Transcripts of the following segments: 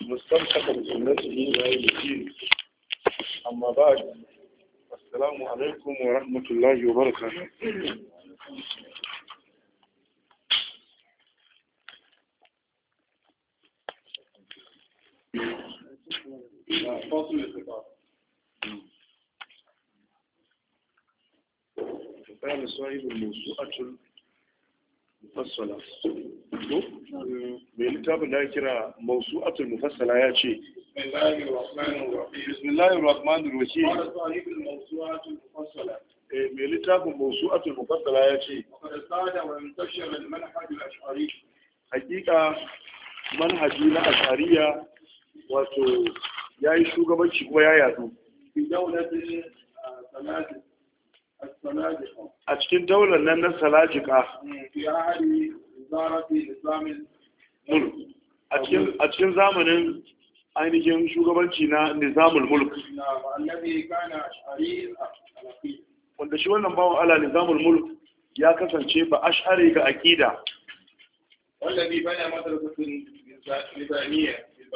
مستمتع بسنته لا يمكن أما بعد السلام عليكم ورحمة الله وبركاته فاصل الخطاب الموسوعة mufassala mai littafin da kira mausu atul mufassala ya ce bismillahir rahmanir rahim mai eh, littafin mausu atul mufassala ya ce hakika manhaji na ashariya wato ya yi shugabanci kuma ya yadu a cikin daular nan na salajika a cikin zamanin ainihin shugabanci na nizamul mulk wanda shi wannan bawon ala nizamul mulk ya kasance ba ashari ga akida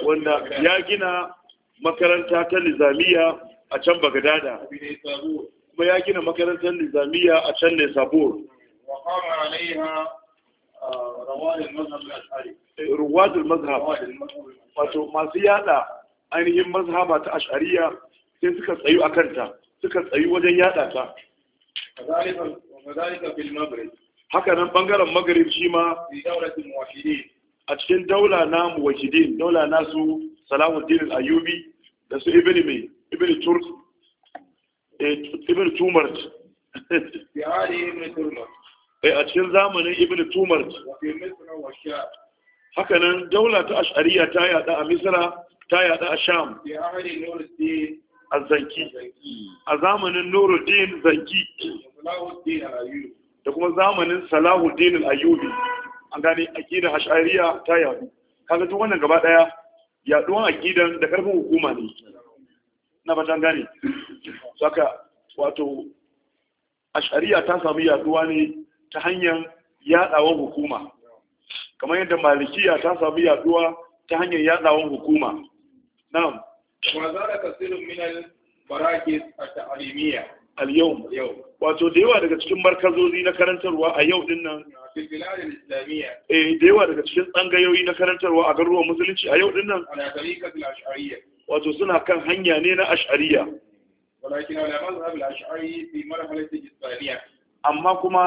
wanda ya gina makaranta ta nizamiya a can bagadada kuma ya gina makarantar nizamiya a can ne sabor ruwadul mazhab wato masu yada ainihin mazhaba ta ashariya sai suka tsayu a kanta suka tsayu wajen yada ta haka nan bangaren magarib shi ma a cikin daula na muwahidin daula na su salahuddin al-ayubi da su ibn mai ibn turk Eh, ibn tumart eh, a cikin zamanin ibn tumart hakanan daula ta ashariya ta yada a Misira ta yada a sham a zanki a zamanin nuruddin zanki da kuma zamanin salahuddin al-ayyubi an gane aqidar ashariya ta yadu kaga duk wannan gaba daya yaduwan gidan da karfin hukuma ne na ba gane saka wato a shari'a ta samu yaduwa ne ta hanyar yadawar hukuma kamar yadda malikiya ta samu yaduwa ta hanyar yadawar hukuma na'am wa zara kasirun minal al a ta'alimiya al yau, wato da yawa daga cikin markazozi na karantarwa a yau din nan eh da yawa daga cikin tsangayoyi na karantarwa a garuruwan musulunci a yau din nan wato suna kan hanya ne na ash'ariya walakin ulama mazhab al-ash'ari fi marhalati isbaniya amma kuma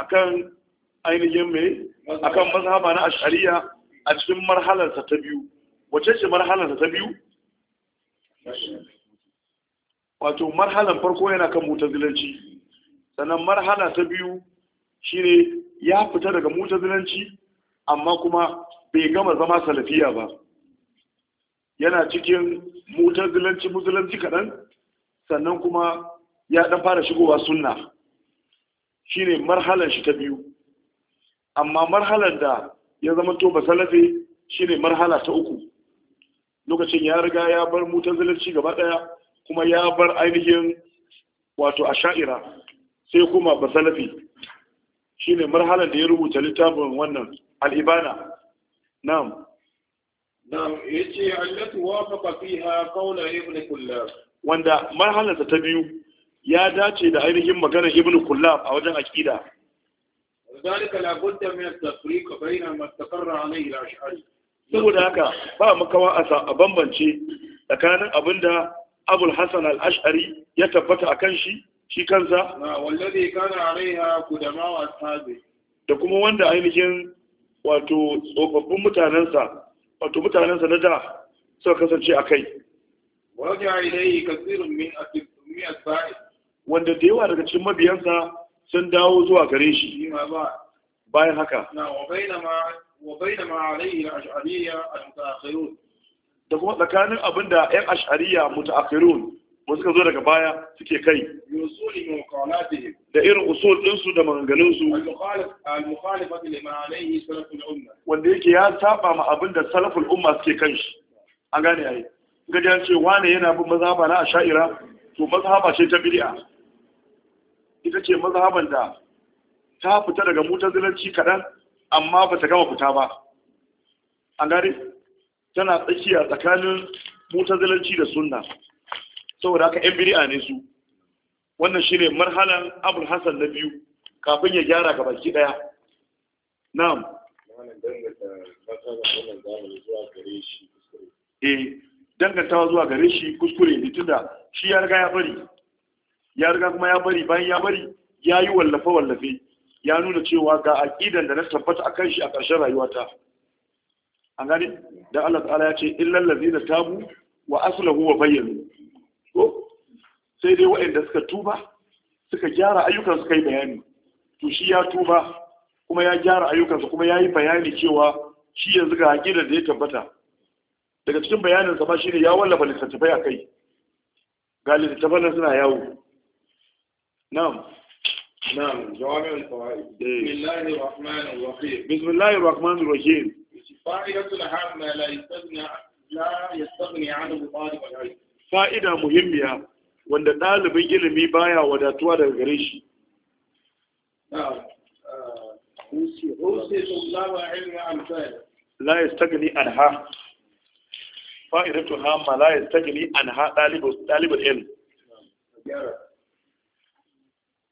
akan ainihin me akan mazhaba na ash'ariya a cikin marhalar ta biyu wace ce marhalar ta biyu wato marhalar farko yana kan mutazilanci sannan marhala ta biyu shine ya fita daga mutazilanci amma kuma bai gama zama salafiya ba yana cikin mutazilanci muzulanci kaɗan sannan kuma ya ɗan fara shigowa sunna shine marhalar shi ta biyu amma marhalar da ya zama to salafi shine marhala ta uku lokacin ya riga ya bar mutazilanci gaba ɗaya kuma ya bar ainihin wato a sha'ira sai kuma salafi shine marhalar da ya rubuta littafin wannan al'ibana na'am yace allatu wafaqa fiha qawla ibn Kullab. Wanda marhalarsa ta biyu ya dace da ainihin maganar ibn Kullab a wajen aqida. Zalika la budda min at-tafriq bayna ma istaqarra alayhi al-ash'ari. Saboda haka ba makawa a bambance tsakanin abinda Abul Hassan al-Ash'ari ya tabbata akan shi shi kansa na wallazi kana alaiha kudama wa sahabi da kuma wanda ainihin wato tsofaffin mutanensa wato mutanensa na da suka kasance a kai wanda da yawa daga cikin mabiyansa sun dawo zuwa gare shi bayan haka da kuma tsakanin abinda 'yan ashariya mutu wasu ka zo daga baya suke kai da irin usul ɗinsu da maganganunsu wanda yake ya saba ma abin da salaful umma suke kan shi an gane yayi gaji an ce wane yana bin mazhaba na asha'ira to mazhaba ce ta bid'a ita ce mazhaban da ta fita daga mutazilanci kaɗan amma ba ta gama fita ba an gane tana tsakiya tsakanin mutazilanci da sunna saboda haka yan bid'a ne su wannan shine marhalan abul hassan na biyu kafin ya gyara ga baki daya na'am eh dangantawa zuwa gare shi kuskure ne tunda shi ya riga ya bari ya riga kuma ya bari bayan ya bari ya yi wallafe wallafe ya nuna cewa ga aƙidan da na tabbata kan shi a ƙarshen rayuwata an gani, da Allah ta'ala ya ce illal ladina tabu wa aslahu wa bayyanu ko sai dai waɗanda suka tuba suka gyara ayyukan suka yi bayani to shi ya tuba kuma ya gyara ayyukansa kuma ya yi bayani cewa shi yanzu ga haƙiƙar da ya tabbata daga cikin bayanin sama shi ne ya wallafa littattafai a kai ga littattafan nan suna yawo na'am na'am jawabin kawai bismillahir rahmanir rahim bismillahir rahmanir rahim fa'idatul hamla la yastaghni la yastaghni 'anhu talib al-'ilm fa'ida muhimmiya wanda ɗalibin ilimi baya wadatuwa daga gare shi Fa'ida yastagni anha fa'idatu hamma la yastagni anha ɗalibul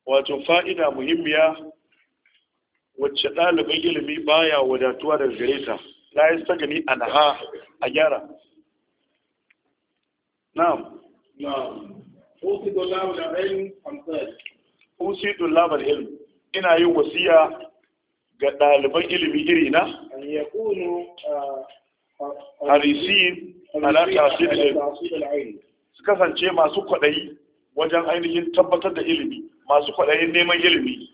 wato fa'ida muhimmiya wacce ɗalibin ilimi baya wadatuwa daga gare ta la an ha a gyara na'am na'am usidu labal ina yin wasiya ga ɗaliban ilimi iri na an yakunu harisin uh, uh, ala tasir ilm su kasance masu kwaɗayi wajen ainihin tabbatar da ilimi masu kwaɗayin neman ilimi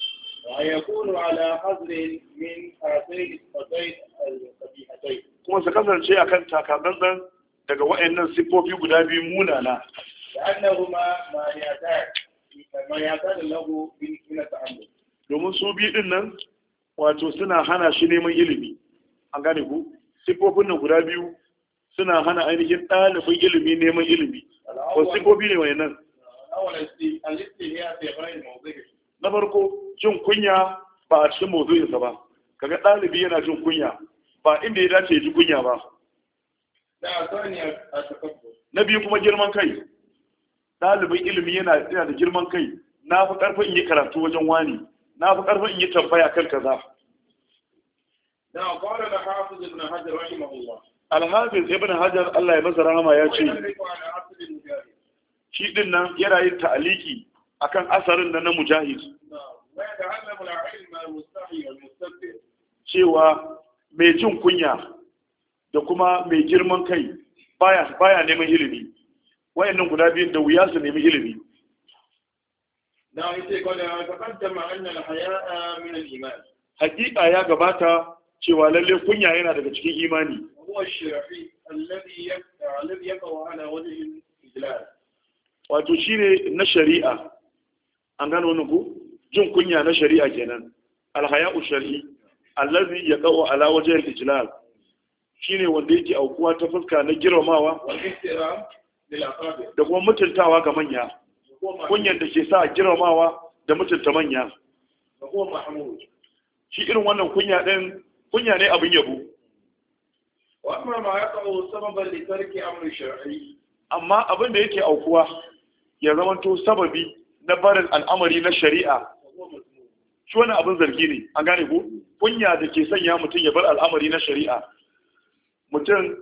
kuma su kasance a akan takamanzan daga wa'annan siffofi guda biyu munana domin su biyu din nan wato suna hana shi neman ilimi an gane ku siffofin nan guda biyu suna hana ainihin ɗalibin ilimi neman ilimi wasu siffofi ne wani nan na farko jin kunya ba a cikin mazuinsa ba kaga ɗalibi yana jin kunya ba inda ya dace ya ji kunya ba na biyu kuma girman kai ɗalibin ilimi yana yana da girman kai na fi ƙarfin in yi karatu wajen wani na fi ƙarfin in yi tambaya kan kaza za alhafiz Ibn Hajar Allah ya masa rahama ya ce shi din nan yana yin ta'aliki akan asarin da na mujahid cewa mai jin kunya da kuma mai girman kai baya baya neman ilimi nan guda biyun da wuya su nemi ilimi na ita ko da ka kaddama haya min iman hakika ya gabata cewa lalle kunya yana daga cikin imani huwa shirafi alladhi na shari'a an gano wannan ku jin kunya na shari'a kenan Alhaya ushari, allazi ya kawo ala wajhi al-ijlal shine wanda yake aukuwa ta fuska na girmamawa da kuma mutuntawa ga manya kunyan da ke sa girmamawa da mutunta manya shi irin wannan kunya din kunya ne abin yabo amma abin da yake aukuwa ya to sababi na barin al'amari na shari'a shi wani abin zargi ne an gane ku kunya da ke sanya mutum ya bar al'amari na shari'a mutum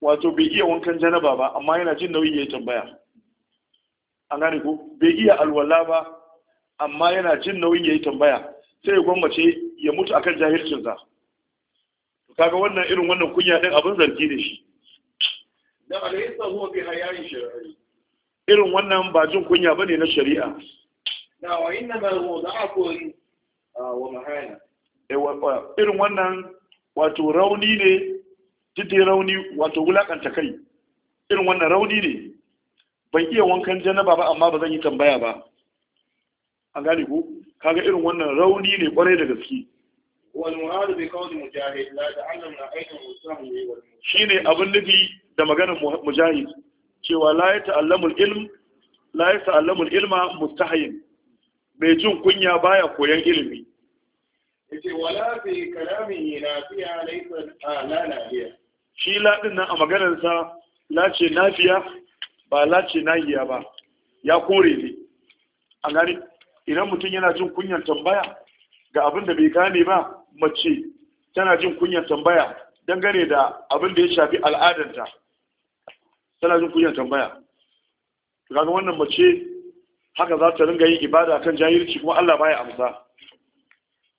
wato bai iya wankan janaba ba amma yana jin nauyi ya yi tambaya an gane ko bai iya alwala ba amma yana jin nauyi ya yi tambaya sai ya gwammace ya mutu akan jahilcin za kaga wannan irin wannan kunya din abin zargi da shi da alaysa huwa bi hayayin shar'i irin wannan ba jin kunya bane na shari'a Da wa inna ma huwa da'afun ah, wa mahana irin wannan wato rauni ne duk da rauni wato wulakanta kai irin wannan rauni ne ban iya wankan janaba ba amma ba zan yi tambaya ba an gane ko kaga irin wannan rauni ne kwarai da gaske shi ne abin nufi da maganin mujahid cewa la ya ta'allamul ilm ta'allamul ilma mustahayin. mai jin kunya baya koyan ilimi yace wala fi na fiya laifin a nafiya shi laɗin nan a maganarsa lace nafiya ba lace nahiya ba ya kore ne a gani idan mutum yana jin kunyan tambaya ga abin da bai gane ba mace tana jin kunyan tambaya dangane da abin da ya shafi al'adanta tana jin kunyan tambaya Gaga wannan mace haka za ta ringa yin ibada kan jahilci kuma Allah baya amsa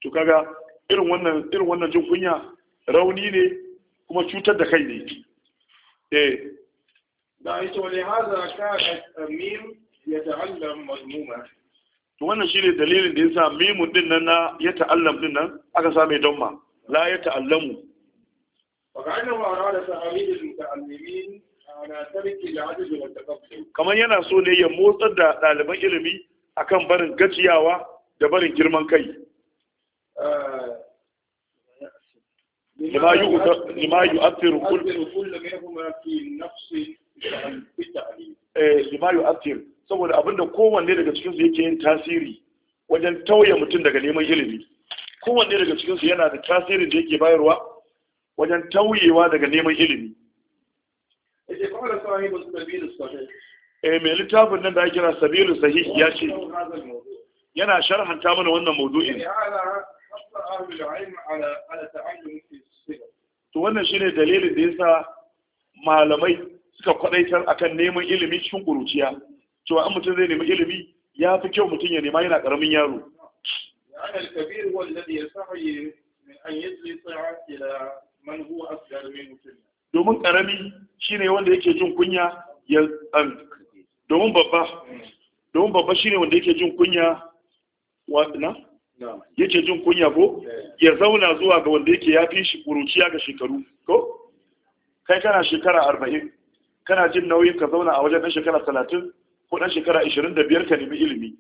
to kaga irin wannan irin wannan jin kunya rauni ne kuma cutar da kai ne eh da ita wani haza ka mim ya ta'allam mazmuma to wannan shine dalilin da yasa mimun din nan na ya ta'allam din nan aka same don ma la ya ta'allamu wa ka'anna wa arada ta'amil al-muta'allimin ala tarki al-'adad wa taqabbul kaman yana so ne ya motsar da ɗaliban ilimi akan barin gajiyawa da barin girman kai eh. لما يؤثر لما يؤثر كل كل منهما في نفس لما يؤثر saboda abinda kowanne daga cikin su yake yin tasiri wajen tauye mutum daga neman ilimi kowanne daga cikin su yana da tasirin da yake bayarwa wajen tauyewa daga neman ilimi eh me littafin nan da ake kira sabilu sahih ya ce yana sharhanta mana wannan mawdu'in to wannan ne dalilin da ya sa malamai suka kwadaitar akan neman ilimi cikin kuruciya cewa an mutum zai nemi ilimi ya fi kyau mutum ya nema yana ƙaramin yaro domin ƙarami shi ne wanda yake jin kunya ya domin babba hmm. domin babba wanda yake jin kunya wa na yake jin kunya ko eh. ya zauna zuwa ga wanda yake ya fi shi ƙuruciya ga shekaru ko kai kana shekara arba'in kana jin nauyin ka zauna a wajen ɗan shekara talatin ko ɗan shekara ishirin da biyar ka nemi ilimi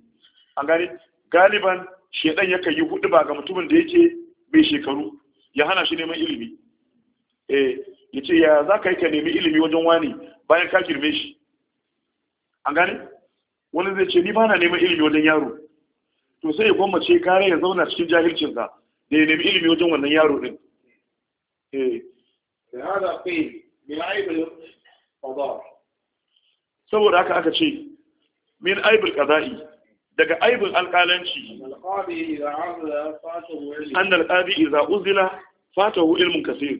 an gane galiban shedan yakan yi hudu ba ga mutumin da yake mai shekaru ya hana shi neman ilimi eh ya ce ya za ka yi ka nemi ilimi wajen wani bayan ka girme shi an gane wani zai ce ni ba na neman ilimi wajen yaro to sai ya ce kare ya zauna cikin sa da ya nemi ilimi wajen wannan yaro din Eh. saboda haka aka ce min aibul qada'i daga aibul alƙalanci an alqadi idza uzila fatahu ilmun kaseer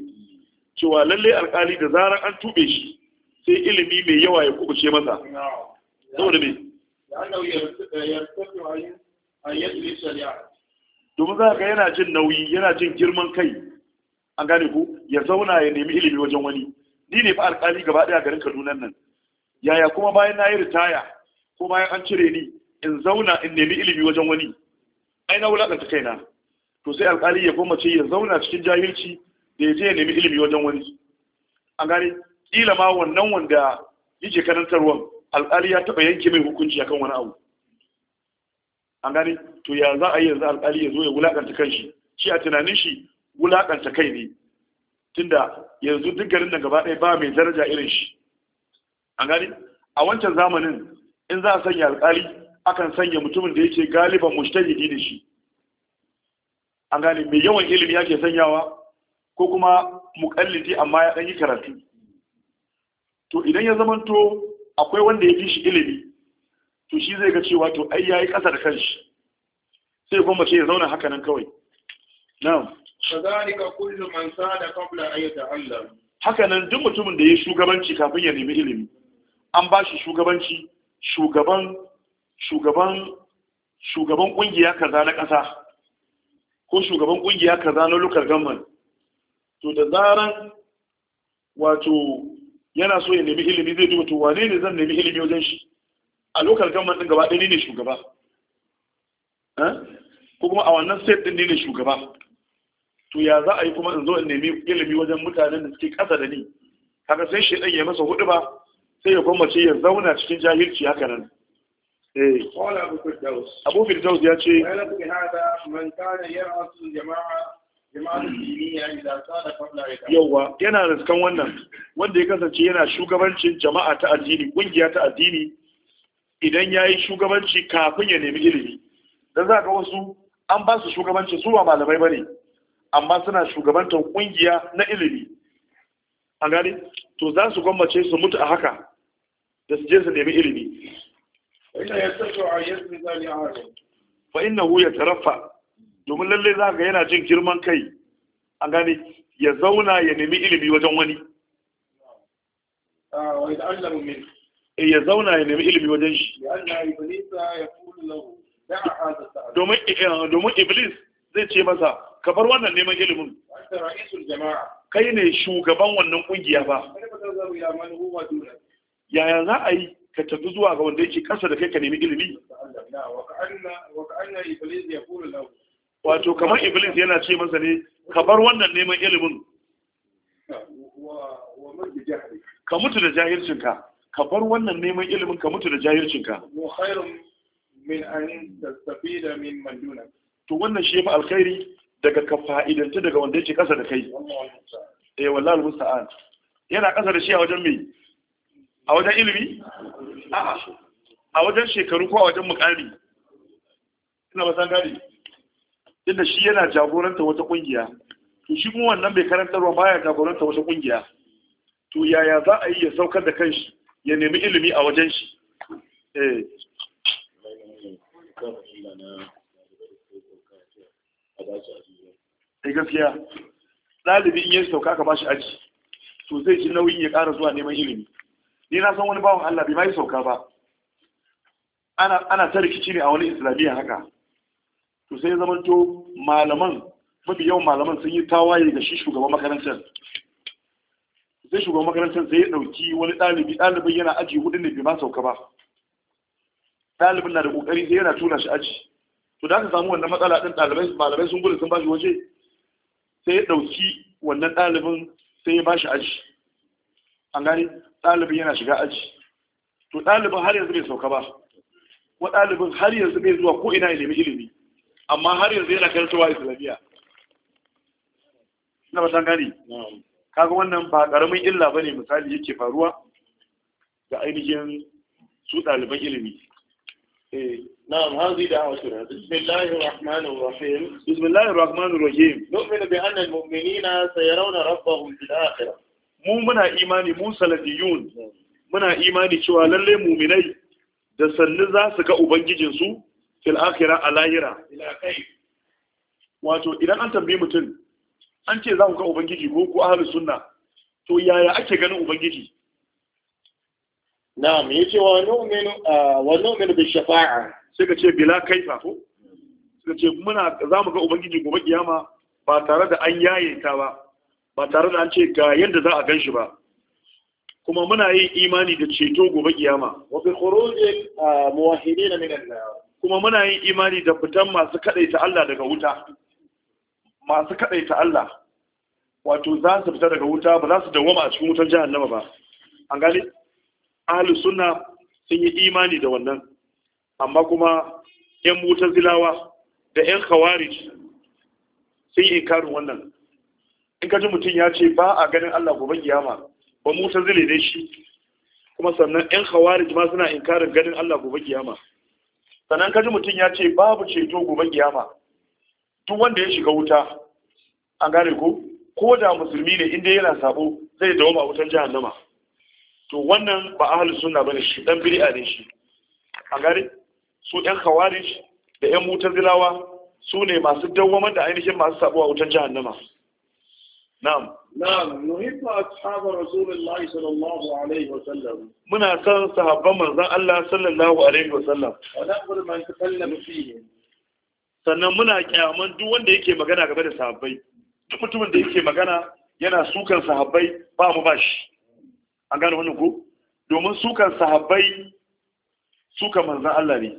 cewa lalle alƙali da zarar an tube shi sai ilimi mai yawa ya kubuce masa saboda me domin za ga yana jin nauyi yana jin girman kai an gane ku ya zauna ya nemi ilimi wajen wani ni ne fa alkali gaba daya garin kaduna nan yaya kuma bayan na yi ritaya ko bayan an cire ni in zauna in nemi ilimi wajen wani ai na wulakanta kaina to sai alkali ya koma ce ya zauna cikin jahilci da ya je ya nemi ilimi wajen wani an gane kila ma wannan wanda yake karantarwan alkali ya taba yanke mai hukunci akan wani abu an gani to ya za a yi yanzu alƙali ya zo ya wulaƙanta kanshi shi a tunanin shi wulaƙanta kai ne tunda yanzu duk garin da gaba ɗaya ba mai daraja irin shi an gani a wancan zamanin in za a sanya alƙali akan sanya mutumin da yake galiban mujtahidi da shi an gani mai yawan ilimi yake sanyawa ko kuma muƙallidi amma ya ɗan yi karatu to idan ya zamanto akwai wanda ya fi shi ilimi to shi zai ga cewa to ai yayi kasa da kanshi sai kuma sai ya zauna haka nan kawai na'am kazalika kullu man sada qabla an yata'allam haka nan duk mutumin da ya shugabanci kafin ya nemi ilimi an ba shi shugabanci shugaban shugaban shugaban kungiya kaza na kasa ko shugaban kungiya kaza na local government to da zaran wato yana so ya nemi ilimi zai duba to wane ne zan nemi ilimi wajen shi a lokal government din gaba ɗaya ne shugaba ko kuma a wannan state ɗin ne shugaba to ya za a yi kuma in zo in nemi ilimi wajen mutanen da suke ƙasa da ni haka sai shi ya masa hudu ba sai ya gwammace ya zauna cikin jahilci haka nan eh. abu firdaus ya ce yauwa yana da wannan wanda ya kasance yana shugabancin jama'a ta addini ƙungiya ta addini idan ya yi shugabanci kafin ya nemi ilimi da za ga wasu an ba su shugabanci su ba malamai ba ne amma suna shugabantar kungiya na ilimi a gani to za su gwammace su mutu a haka da su je su nemi ilimi fa inna hu ya tarafa domin lallai za ga yana jin girman kai a gani ya zauna ya nemi ilimi wajen wani ah, ya zauna ya nemi ilimi wajen shi eh, eh, domin iblis zai ce masa ka bar wannan neman ilimin kai ne shugaban wannan kungiya ba yaya za a yi ka tafi zuwa ga wanda yake kasa da kai ka nemi ilimi wato kamar iblis yana ce masa ne ka bar wannan neman ilimin ka mutu da jahilcinka ka bar wannan neman ilimin ka mutu da jahilcin ka min an tastafida min maduna to wannan shi ma alkhairi daga ka fa'idanta daga wanda yake kasa da kai eh wallahi almusta'an yana kasa da shi a wajen me a wajen ilimi a'a a wajen shekaru ko a wajen mukami ina ba san gadi inda shi yana jagoranta wata kungiya to shi kuma wannan bai karantarwa baya jagoranta wata kungiya to yaya za a yi ya saukar da kanshi ya nemi ilimi a wajen shi eh, eh gaskiya ɗalibi in yi sauka ka bashi aji to zai ji nauyin ya ƙara zuwa neman ilimi ni na san wani bawan Allah bai ma yi sauka ba ana ta rikici ne a wani islamiyya haka to sai zamanto malaman mafi yawan malaman sun yi tawaye da shi shugaban makarantar sai shugaban makarantar sai ya ɗauki wani ɗalibi ɗalibin yana aji hudun da bai ma sauka ba ɗalibin na da ƙoƙari sai yana tura shi aji to da aka samu wannan matsala ɗin ɗalibai malamai sun gudu sun ba shi waje sai ya ɗauki wannan ɗalibin sai ya ba shi aji an gani ɗalibin yana shiga aji to ɗalibin har yanzu bai sauka ba wa ɗalibin har yanzu bai zuwa ko ina ya nemi ilimi amma har yanzu yana karantarwa islamiyya ina ba san gani kaga wannan ba ƙaramin illa ba misali yake faruwa ga ainihin su ɗaliban ilimi نعم هذه دعوتنا بسم الله الرحمن الرحيم بسم الله الرحمن الرحيم نؤمن بأن المؤمنين سيرون ربهم في الآخرة mu muna imani muna imani cewa lallai muminai da sannu za su ga ubangijinsu fil akhira a lahira wato idan an tambayi mutum an ce za ku ga ubangiji ko ku ahlus sunna to yaya ake ganin ubangiji Na yace wa nu'minu wa nu'minu bi shafa'a sai ka ce bila kaifa ko sai ce muna za mu ga ubangiji gobe kiyama ba tare da an yaye ta ba ba tare da an ce ga yadda za a gan shi ba kuma muna yin imani da ceto gobe kiyama wa bi khurujil muwahhidin min an-nar kuma muna yin imani da fitan masu kadaita Allah daga wuta masu kaɗaita Allah wato za su fita daga wuta ba za su dawama a cikin wutar jahannama ba an gane ahlus sunna sun yi imani da wannan amma kuma yan zilawa da yan khawarij sun yi inkarin wannan in ka ji mutum ya ce ba a ganin Allah gobe kiyama ba zile ne shi kuma sannan yan khawarij ma suna inkarin ganin Allah gobe kiyama sannan ka ji mutum ya ce babu ceto gobe kiyama duk wanda ya shiga wuta an gane ko ko da musulmi ne inda yana sabo zai dawo a wutan jahannama to wannan ba ahlus sunna bane shi dan bid'a ne shi an gane su ɗan khawarij da wutar mutazilawa su ne masu dawwamar da ainihin masu sabo a wutan jahannama na'am na'am nuhibbu ashabu rasulullahi sallallahu alaihi wa sallam muna san sahabban manzon Allah sallallahu alaihi wa sallam wa na'budu man takallama fihi sannan muna kyaman duk wanda yake magana game da sahabbai duk mutumin da yake magana yana sukan sahabbai ba mu ba shi an gane wannan ko domin sukan sahabbai sukan manzan Allah ne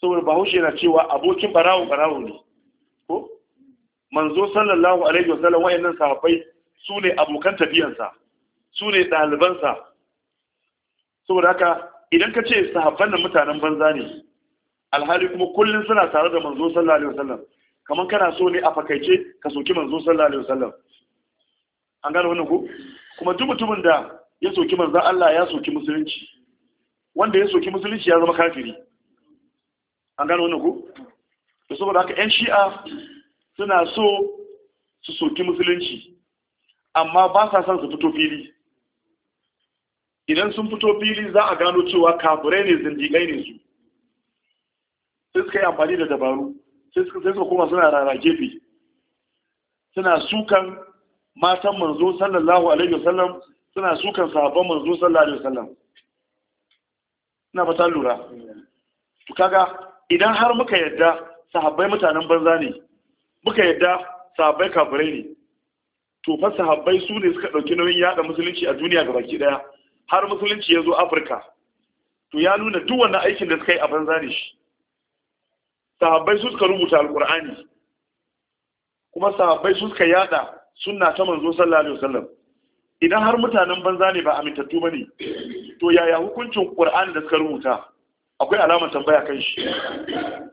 saboda bahaushe yana cewa abokin barawo barawo ne ko manzo sallallahu alaihi wasallam wayannan sahabbai su ne abokan tafiyansa su ne ɗalibansa saboda haka idan ka ce sahabban nan mutanen banza ne alhali kuma kullum suna tare da manzo sallallahu alaihi wasallam kamar kana so ne a fakaice ka soki manzo sallallahu alaihi wasallam an gano wannan ko kuma duk mutumin da ya soki manzo Allah ya soki musulunci wanda ya soki musulunci ya zama kafiri an gano wannan ko to saboda haka yan shi'a suna so su soki musulunci amma ba sa son su fito fili idan sun fito fili za a gano cewa kafirai ne zindigai ne su sai suka yi amfani da dabaru sai suka koma suna rara gefe suna sukan matan manzo sallallahu alaihi wasallam suna sukan sahabban manzo sallallahu alaihi wasallam ina ba ta lura to kaga idan har muka yadda sahabbai mutanen banza ne muka yadda sahabbai kafirai ne to fa sahabbai su ne suka dauki nauyin yada musulunci a duniya gaba ki daya har musulunci ya zo Afirka to ya nuna duk wannan aikin da suka yi a banza ne shi sahabbai su suka rubuta alkur'ani kuma sahabbai su suka yada sunna ta manzo sallallahu alaihi wasallam idan har mutanen banza ne ba amintattu bane to yaya hukuncin qur'ani da suka rubuta akwai alamar tambaya kan shi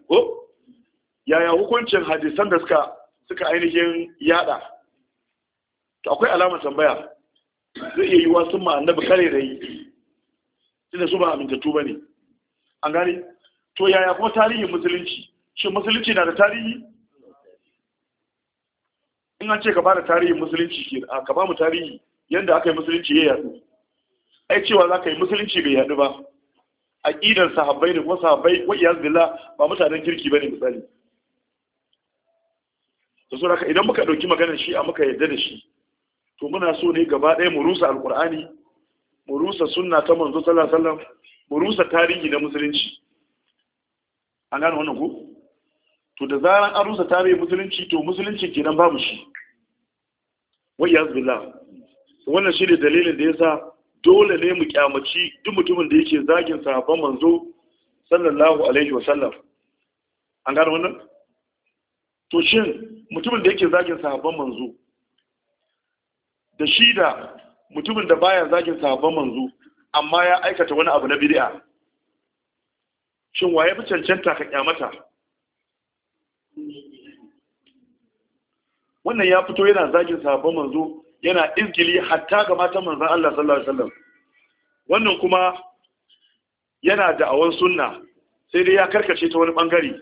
ko yaya hukuncin hadisan da suka suka ainihin yada to akwai alamar tambaya zai iya yiwa sun ma annabi kare da yi tunda su ba amintattu bane an gane to yaya kuma tarihin musulunci shi musulunci na da tarihi in an ce ka ba da tarihin musulunci ke a ka ba mu tarihi yadda aka yi musulunci ya yadu ai cewa za ka yi musulunci bai yadu ba A ƙidar sahabbai da kuma sahabbai wa iya zila ba mutanen kirki ne misali da su raka idan muka ɗauki maganar shi a muka yadda da shi to muna so ne gaba ɗaya mu rusa Alƙur'ani mu rusa sunna ta manzo sallallahu alaihi wasallam mu rusa tarihi na musulunci an gane wannan ko to da zaran an rusa tare musulunci to musulunci ke nan babu shi wa iyaz billah wannan ne dalilin da ya sa dole ne mu kyamaci duk mutumin da yake zagin sahabban manzo sallallahu alaihi wa sallam an gano wannan to shin mutumin da yake zagin sahabban manzo da shi da mutumin da baya zagin sahabban manzo amma ya aikata wani abu na bid'a shin waye fi cancanta ka kyamata wannan ya fito yana zagin sahabban manzo yana izgili hatta ga matan manzon Allah sallallahu alaihi wasallam wannan kuma yana da awan sunna sai dai ya karkace ta wani bangare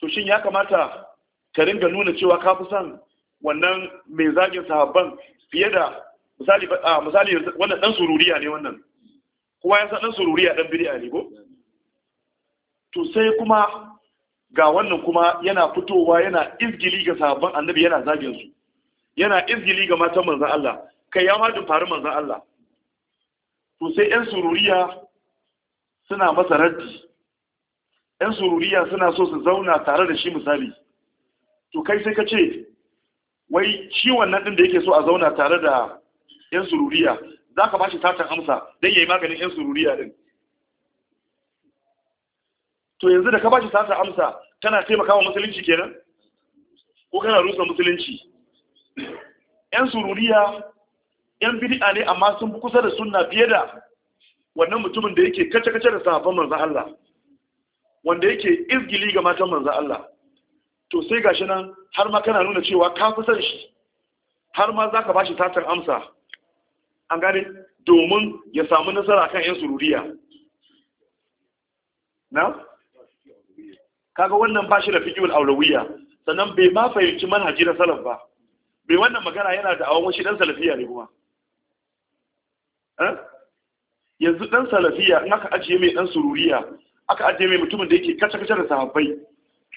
to shin ya kamata ka ringa nuna cewa ka fi son wannan mai zagin sahabban fiye da misali misali wannan dan sururiya ne wannan kowa ya san dan sururiya dan bid'a ne ko to sai kuma ga wannan kuma yana fitowa yana izgili ga sahabban annabi yana zagin yana izgili ga matan manzon Allah kai ya ma faru manzon Allah to sai yan sururiya suna masa raddi yan sururiya suna so su zauna tare da shi misali to kai sai ka ce wai shi wannan din da yake so a zauna tare da yan sururiya zaka ba shi tatan amsa dan yayi maganin yan sururiya din to yanzu da ka ba shi sata amsa kana taimakawa musulunci kenan ko kana rusa musulunci yan sururiya yan bid'a ne amma sun fi kusa da sunna fiye da wannan mutumin da yake kace kace da sahabban manzo Allah wanda yake izgili ga matan manzo Allah to sai gashi nan har ma kana nuna cewa ka fi san shi har ma zaka shi satar amsa an gane domin ya samu nasara kan yan sururiya na kaga wannan ba shi da fiqhul aulawiyya sannan bai ma fahimci manhaji na salaf ba bai wannan magana yana da awon shi dan salafiya ne kuma eh? yanzu dan salafiya in aka ajiye mai dan sururiya aka ajiye mai mutumin da yake kace kace da sahabbai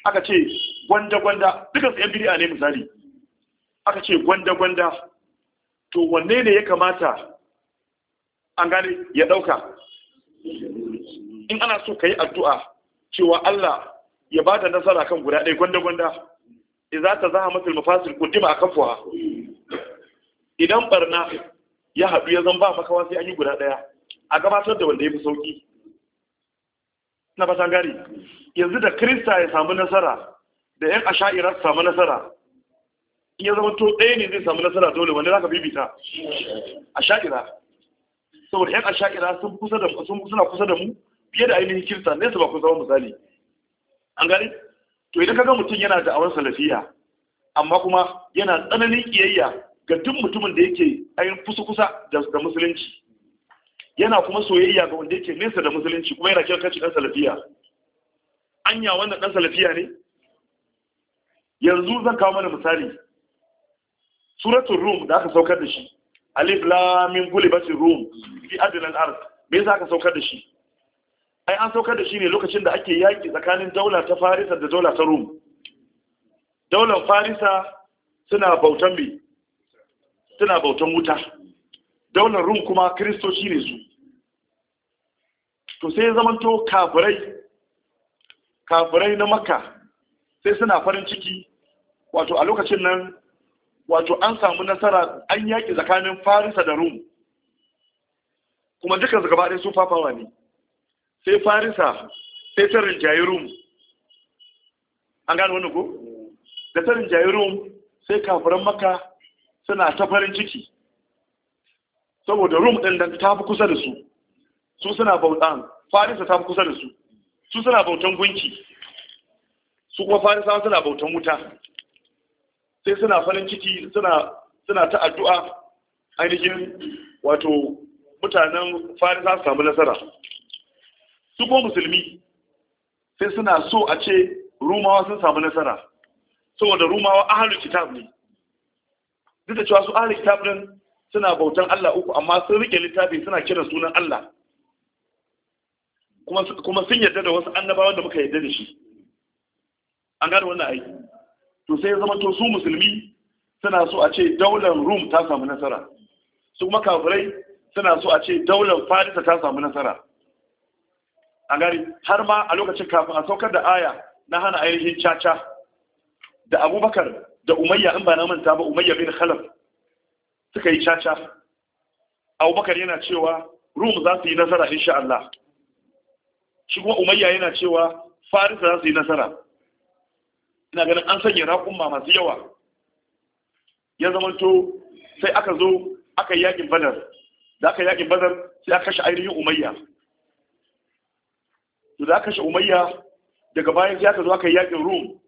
aka ce gwanda gwanda dukan su yan bid'a ne misali aka ce gwanda gwanda to wanne ne ya kamata an gane ya dauka in ana so kai addu'a cewa Allah ya ba da nasara kan guda ɗaya gwanda-gwanda za ta zaha masul mafasil a kafuwa. idan barna ya haɗu ya zan ba makawa sai an yi guda ɗaya a gabatar da wanda ya fi sauƙi na fatan gari yanzu da krista ya samu nasara da yan asha'ira su samu nasara in ya zama to ɗaya ne zai samu nasara dole wanda za ka bibita asha'ira saboda yan asha'ira sun kusa da mu fiye da ainihin kirista nesa ba kun zama misali an gani to idan kaga mutum yana da awar salafiya amma kuma yana tsananin kiyayya ga duk mutumin da yake ayin kusa kusa da musulunci yana kuma soyayya ga wanda yake nesa da musulunci kuma yana kyan kacin dan salafiya anya wannan dan salafiya ne yanzu zan kawo mana misali suratul rum da aka saukar da shi alif lam mim gulibatir rum fi adnal ard me yasa aka saukar da shi ai an saukar da shi ne lokacin da ake yaƙi tsakanin daula ta farisa da daula ta rum daular farisa suna bautan mai suna bautan wuta daular rum kuma shi ne su to sai zamanto kafirai kafirai na makka sai suna farin ciki wato a lokacin nan wato an samu nasara an yaƙi tsakanin farisa da rum kuma dukkan su gaba ɗaya su fafawa ne sai farisa sai ta jayirun rum an gano wani ko da ta jayirun rum sai kafiran maka suna ta farin ciki saboda rum ɗin nan ta fi kusa da su su suna bautan farisa ta fi kusa da su su suna bautan gunki su kuma farisa suna bautan wuta sai suna farin ciki suna ta addu'a ainihin wato mutanen farisa su samu nasara su ko musulmi sai suna so a ce rumawa sun samu nasara saboda rumawa ahalin kitab ne duk da cewa su ahalin kitab din suna bautan Allah uku amma sun rike littafin suna kiran sunan Allah kuma kuma sun yarda da wasu annabawan da muka yarda da shi an gane wannan aiki to sai ya zama to su musulmi suna so a ce daular Rum ta samu nasara su kuma kafirai suna so a ce daular Farisa ta samu nasara a gari har ma a lokacin kafin a saukar da aya na hana ainihin caca da abubakar da umayya in ba na manta ba umayya bin khalaf suka yi caca abubakar yana cewa rum za su yi nasara insha Allah shi kuma umayya yana cewa Farisa za su yi nasara ina ganin an sanya raƙumma masu yawa ya zamanto sai aka zo aka yi yakin badar da aka yi yakin badar sai aka kashe ainihin umayya to da aka shi umayya daga bayan ya aka zo aka yi yakin rum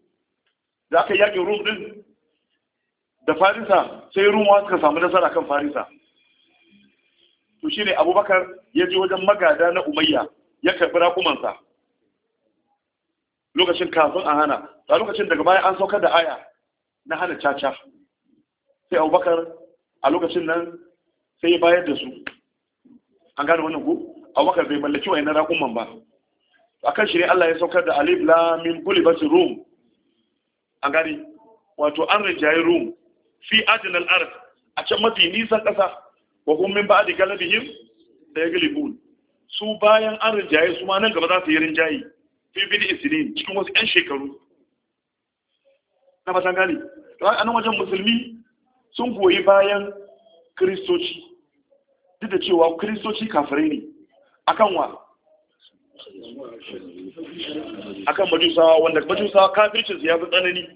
da aka yakin rum din da farisa sai rumawa suka samu nasara kan farisa to shine abubakar ya je wajen magada na umayya ya karbi raƙumansa lokacin kafin a hana a lokacin daga bayan an saukar da aya na hana caca sai abubakar a lokacin nan sai ya bayar da su an gane wannan ku abubakar bai mallaki wa yana raƙuman ba akan shi ne Allah ya saukar da alif lam min gulibati rum a gari wato an rijayi rum fi adnal ard a can mafi nisan kasa wa hum min ba'di galabihim da yaglibun su bayan an rijaye su ma nan gaba za su yi rinjayi fi bidi isilin cikin wasu yan shekaru na ba gani a nan wajen musulmi sun goyi bayan kristoci duk da cewa kiristoci kafirai ne akan wa akan majusawa wanda majusawa kafircin su ya fi tsanani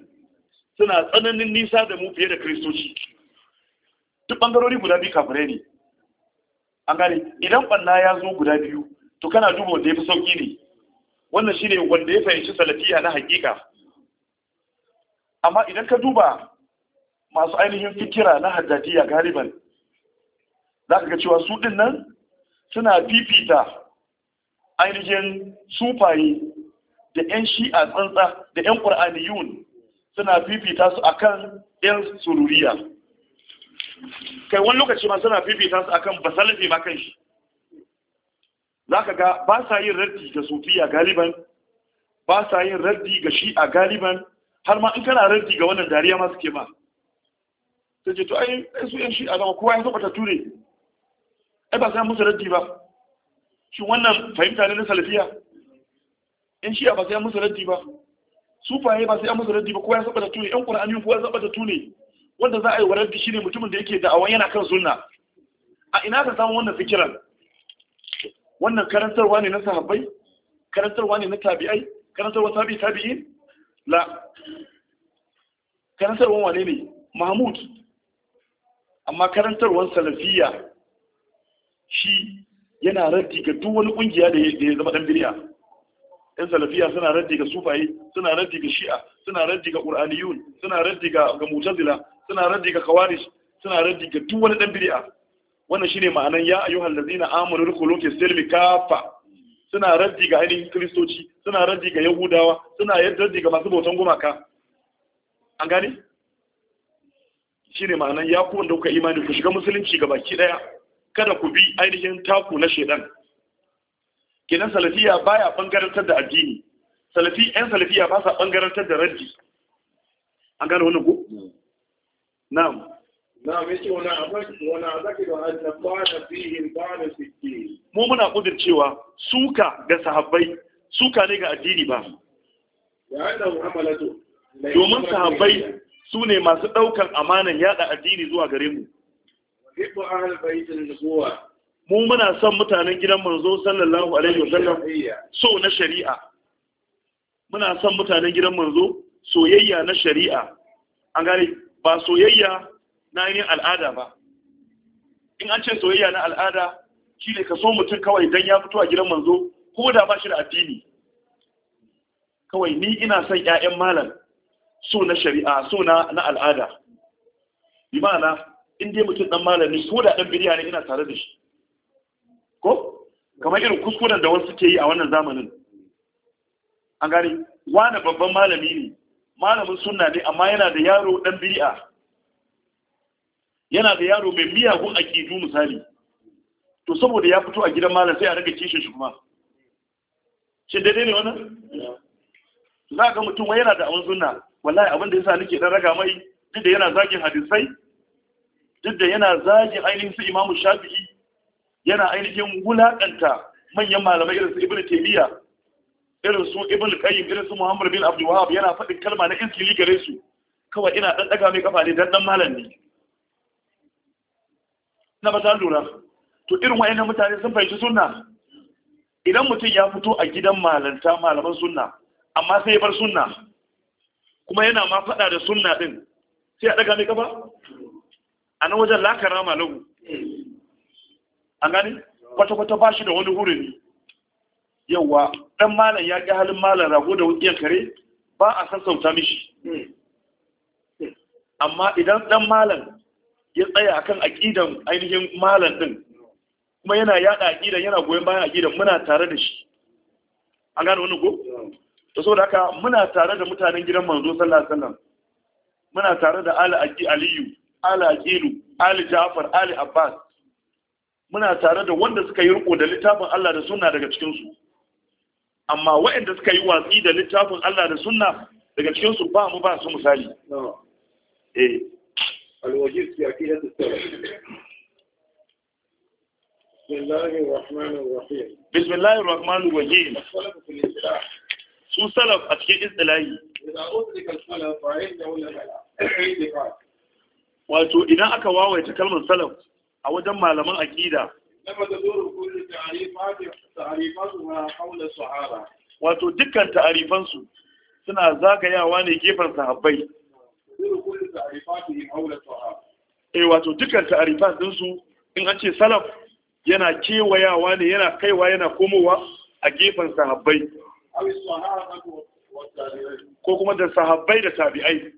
suna tsananin nisa da mu fiye da kristoci duk bangarori guda biyu kafirai ne an gane idan ɓanna ya zo guda biyu to kana duba wanda ya fi sauƙi ne wannan shine wanda ya fahimci salafiya na hakika amma idan ka duba masu ainihin fikira na haddadiya galiban za ka ga cewa su ɗin nan suna fifita ainihin sufaye da 'yan shi'a tsantsa da 'yan ƙur'aniyun suna fifita su akan 'yan sururiya kai wani lokaci ma suna fifita su akan basalafi ma kan shi za ka ga ba sa yin raddi ga sufiya galiban ba sa yin raddi ga shi'a galiban har ma in kana raddi ga wannan dariya ma suke ma sai ce to ai su 'yan shi'a zama kowa ya zaba ta ture ai ba yi musu raddi ba shi wannan fahimta ne na salafiya in shi ba sai an musu raddi ba su faye ba sai an musu raddi ba kowa ya saba da tuni ɗan qur'ani kowa ya saba da tuni wanda za a yi warar shi ne mutumin da yake da'awa yana kan sunna a ina ka samu wannan fikiran wannan karantarwa ne na sahabbai karantarwa ne na tabi'ai karantarwa tabi tabi'in la karantarwa wane ne mahmud amma karantarwa salafiya shi yana raddi ga duk wani kungiya da ya zama dan bid'a ɗan salafiya suna raddi ga sufaye suna raddi ga shi'a suna raddi ga qur'aniyun suna raddi ga mu'tazila suna raddi ga khawarij suna raddi ga duk wani dan bid'a wannan shine ma'anan ya ayyuhal Ladina amanu rukulu fi silmi kafa suna raddi ga ainihin kristoci suna raddi ga yahudawa suna raddi ga masu bautan gumaka an gane shine ma'anan ya ku kuka imani ku shiga musulunci ga baki daya kada ku bi ainihin taku na shedan kenan salafiya baya bangarantar da addini salafi yan salafiya ba sa bangarantar da raddi an gane wannan ko na'am na'am yace wala abaki wala zaki da annabana fihi ba'da sikki mu muna kudir cewa suka ga sahabbai suka ne ga addini ba ya da mu'amalatu domin sahabbai su ne masu ɗaukar amanan yada addini zuwa gare mu yuhibbu ahlul bayt an mu muna son mutanen gidan manzo sallallahu alaihi wasallam so na shari'a muna son mutanen gidan manzo soyayya na shari'a an gane ba soyayya na yin al'ada ba in an ce soyayya na al'ada shine ka so mutum kawai dan ya fito a gidan manzo ko da ba shi da addini kawai ni ina son ƴaƴan malam so na shari'a so na na al'ada bi ma'ana in dai mutum dan malami ko da dan bidiya ne ina tare da shi ko kamar irin kuskuren da wasu ke yi a wannan zamanin an gane wani babban malami ne malamin sunna ne amma yana da yaro dan bidiya yana da yaro mai miyagun akidu misali to saboda ya fito a gidan malam sai a rage kishin shi kuma shi daidai ne wannan za ga mutum wai yana da awon sunna wallahi abin da yasa nake dan raga mai duk da yana zagin hadisai duk da yana zagin ainihin su imamu shafi'i yana ainihin wulaƙanta manyan malamai irin su ibn taimiyya irin su ibn kayyim irin su muhammad bin abdul yana faɗin kalma na iskili gare su kawai ina ɗan ɗaga mai kafa ne dan ɗan malam ne na ba ta lura to irin wa'annan mutane sun fahimci sunna idan mutum ya fito a gidan malanta malaman sunna amma sai ya bar sunna kuma yana ma faɗa da sunna ɗin, sai a ɗaga mai kafa a nan wajen lakara lagu an gani kwata-kwata ba shi da wani Yau wa? ɗan malam ya ƙi halin malar rago da wukiyar kare ba a sassauta mishi amma idan ɗan malam ya tsaya kan aƙidan ainihin malam ɗin kuma yana yada aƙidan yana goyon bayan aƙidan muna tare da shi an gani wani go? da so da haka muna tare da mutanen gidan manzo sallallahu alaihi wasallam muna tare da ala aliyu ala gilu ali jafar ali abbas muna tare da wanda suka yi riko da littafin Allah da sunna daga cikin su amma waɗanda suka yi watsi da littafin Allah da sunna daga cikin su ba mu ba su misali eh alwajib fi aqidatu salaf bismillahir rahmanir rahim bismillahir rahmanir rahim su salaf a cikin istilahi wato idan aka wawaita kalmar salaf a wajen malaman aqida wato dukkan ta'arifansu suna zagayawa ne gefen sahabbai eh wato dukkan ta'arifan su in an ce salaf yana kewayawa ne yana kaiwa yana komowa a gefen sahabbai ko kuma da sahabbai da tabi'ai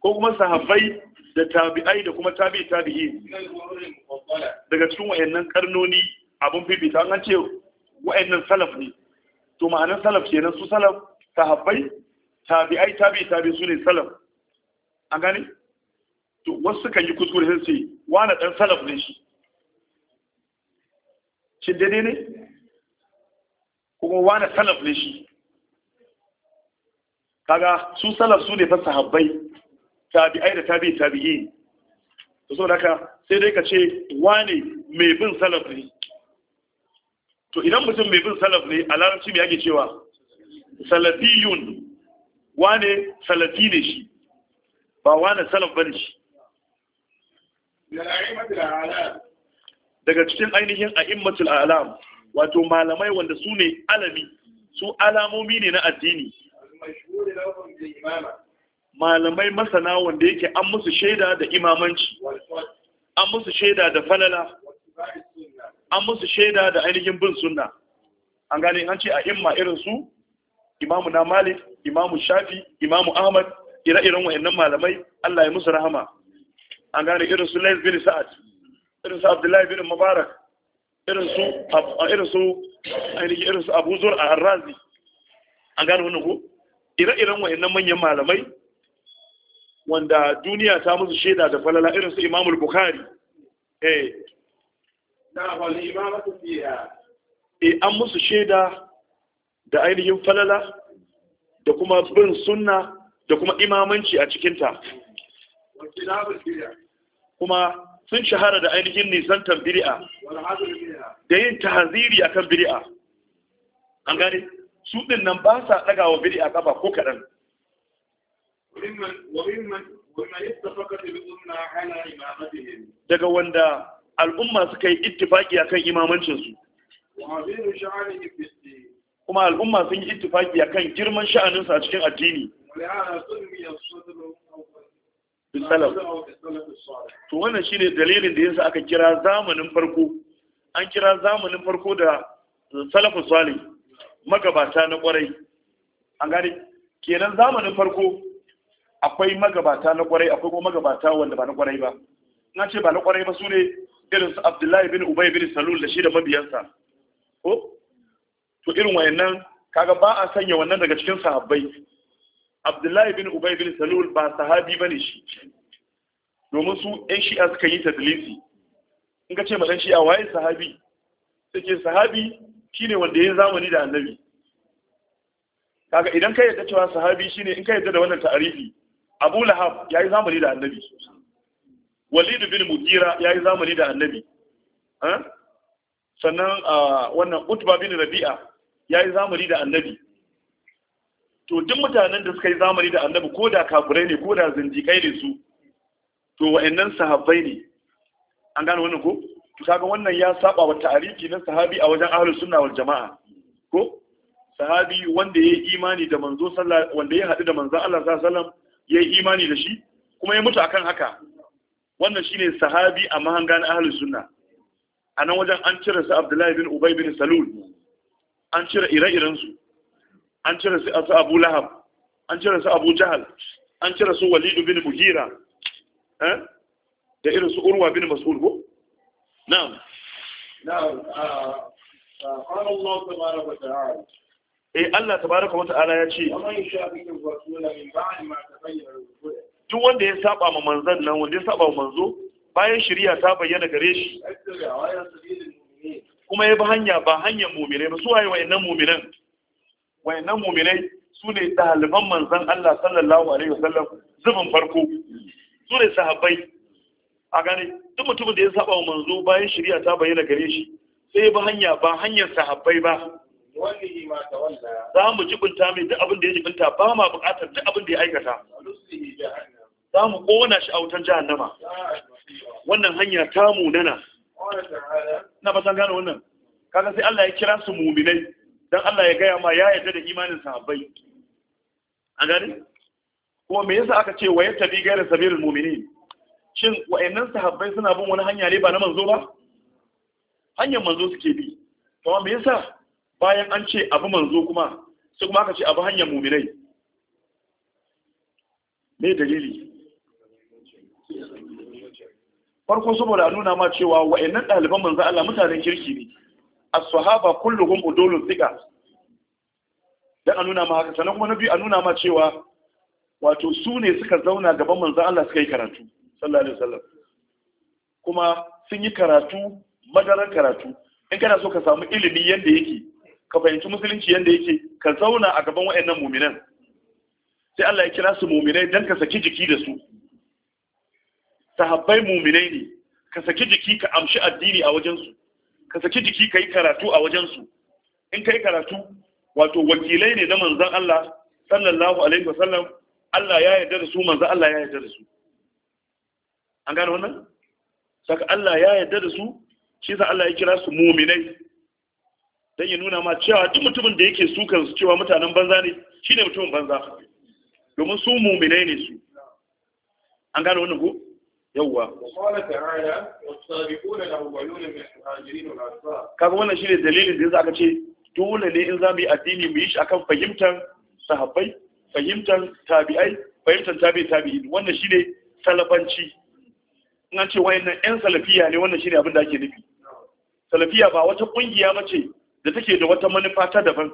ko kuma sahabbai da tabi'ai da kuma tabi'i tabi'i daga cikin wayannan karnoni abun fifita an ce wayannan salaf ne to ma'anar salaf kenan su salaf sahabbai tabi'ai tabi'i tabi'i su ne salaf an gane to wasu kan yi kuskure sai ce wani dan salaf ne shi shin dade ne kuma wani salaf ne shi kaga su salaf su ne fa sahabbai tabi'ai da tabi'i tabi'i to saboda haka sai dai ka ce wani mai bin salaf ne to idan mutum mai bin salaf ne a larabci mai yake cewa salafiyun wani salafi ne shi ba wani salaf bane shi daga cikin ainihin a'immatul alam wato malamai wanda su ne alami su alamomi ne na addini malamai masana wanda yake an musu shaida da imamanci an musu shaida da falala an musu shaida da ainihin bin sunna an gane an ce a imma irin su imamu na malik imamu shafi imamu ahmad ire-iren wa'annan malamai allah ya musu rahama an gane irin su lais bin sa'ad irin su abdullahi bin mubarak irin su irin su ainihin irin su abu zur a harrazi an gane wannan ko ire-iren wayannan manyan malamai wanda duniya ta musu shaida da falala irin su Imamul Bukhari eh da wani imamatu fiya eh an musu shaida da ainihin falala da kuma bin sunna da kuma imamanci a cikinta kuma sun shahara da ainihin nisantar biri'a da yin tahaziri akan biri'a an gane su din nan ba sa ɗaga wa bid'a a ƙafa ko kaɗan. Daga wanda al'umma suka yi ittifaki akan imamancin imamancinsu. Kuma al'umma sun yi ittifaki akan kan girman sha'aninsu a cikin addini. To wannan shi ne dalilin da yasa aka kira zamanin farko, an kira zamanin farko da salafus salih. magabata na ƙwarai, an gane kenan zamanin farko akwai magabata na ƙwarai, akwai kuma magabata wanda ba na ƙwarai ba na ce ba na ƙwarai ba su ne irin su abdullahi bin ubay bin salul da shi da mabiyansa ko to irin wayannan kaga ba a sanya wannan daga cikin sahabbai abdullahi bin ubay bin salul ba sahabi bane shi domin su ɗan shi'a suka yi tadlisi in ka ce ma ɗan shi'a waye sahabi suke sahabi shine wanda yayin zamani da annabi kaga idan kai yadda cewa sahabi shine in ka yadda da wannan ta'arifi Abu Lahab yayi zamani da annabi Walid bin Mughira yayi zamani da annabi eh? sannan ah, wannan Utba bin Rabi'a yayi zamani da annabi to duk mutanen da suka yi zamani da annabi ko da kafirai ne ko da zindikai ne su to wa'annan sahabbai ne an gane wannan ko to kaga wannan ya saba wa ta'ariki na sahabi a wajen ahlus sunna wal jama'a ko sahabi wanda yayi imani da manzo sallallahu wanda ya hadu da manzo Allah sallallahu alaihi wasallam yayi imani da shi kuma ya mutu akan haka wannan shine sahabi a mahangan ahlus sunna anan wajen an cire su Abdullahi bin Ubay bin Salul an cire ire-iren su an cire su Abu Lahab an cire su Abu Jahal an cire su Walid bin Mughira eh da irin su Urwa bin Mas'ud ko na'am na'am قال الله تبارك وتعالى eh Allah tabaraka wa ta'ala ya ce Tun wanda ya saba ma manzan nan wanda ya saba ma manzo bayan shari'a ta bayyana gare shi kuma ya bi hanya ba hanyar mu'minai ba su waye wayannan mu'minan wayannan mu'minai su ne ɗaliban manzan Allah sallallahu alaihi wasallam zubin farko su ne sahabbai a gane duk mutumin da ya saba wa manzo bayan shari'a ta bayyana gare shi sai ba hanya ba hanyar sahabbai ba za mu jibinta mai duk abin da ya jibinta ba ma buƙatar duk abin da ya aikata za mu ƙona shi a wutar jahannama wannan hanya ta munana na ba san gane wannan kaga sai Allah ya kira su muminai dan Allah ya gaya ma ya yarda da imanin sahabbai a gani kuma me yasa aka ce wa yattabi ghayra sabilil mu'minin shin wa'annan sahabbai suna bin wani hanya ne ba na manzo ba hanyar manzo suke bi to me yasa bayan an ce abu manzo kuma sai kuma aka ce abu hanyar muminai me dalili farko saboda a nuna ma cewa wa'annan ɗaliban manzo Allah mutanen kirki ne as-sahaba kulluhum udulun thiqa dan a nuna ma haka sannan kuma na biyu a nuna ma cewa wato su ne suka zauna gaban manzo Allah suka yi karatu sallallahu alaihi wasallam kuma sun yi karatu madarar karatu in kana so ka samu ilimi yadda yake ka fahimci musulunci yadda yake ka zauna a gaban waɗannan muminan sai Allah ya kira su muminai don ka saki jiki da su sahabbai muminai ne ka saki jiki ka amshi addini a wajen su, ka saki jiki ka yi karatu a wajen su. in ka yi karatu wato wakilai ne na manzon Allah sallallahu alaihi wasallam Allah ya yarda da su manzon Allah ya yarda da su an gane wannan saka Allah ya yarda da su shi sa Allah ya kira su mu'minai dan ya nuna ma cewa duk mutumin da yake su kansu cewa mutanen banza ne shine mutumin banza domin su mu'minai ne su an gane wannan ko yawwa kaga wannan shine dalilin da yasa aka ce dole ne in za mu yi addini mu yi shi akan fahimtar sahabbai fahimtar tabi'ai fahimtar tabi'i tabi'i wannan shine salafanci na ce wayannan yan salafiya ne wannan shine abin da ake nufi salafiya ba wata kungiya ba ce da take da wata manufa ta daban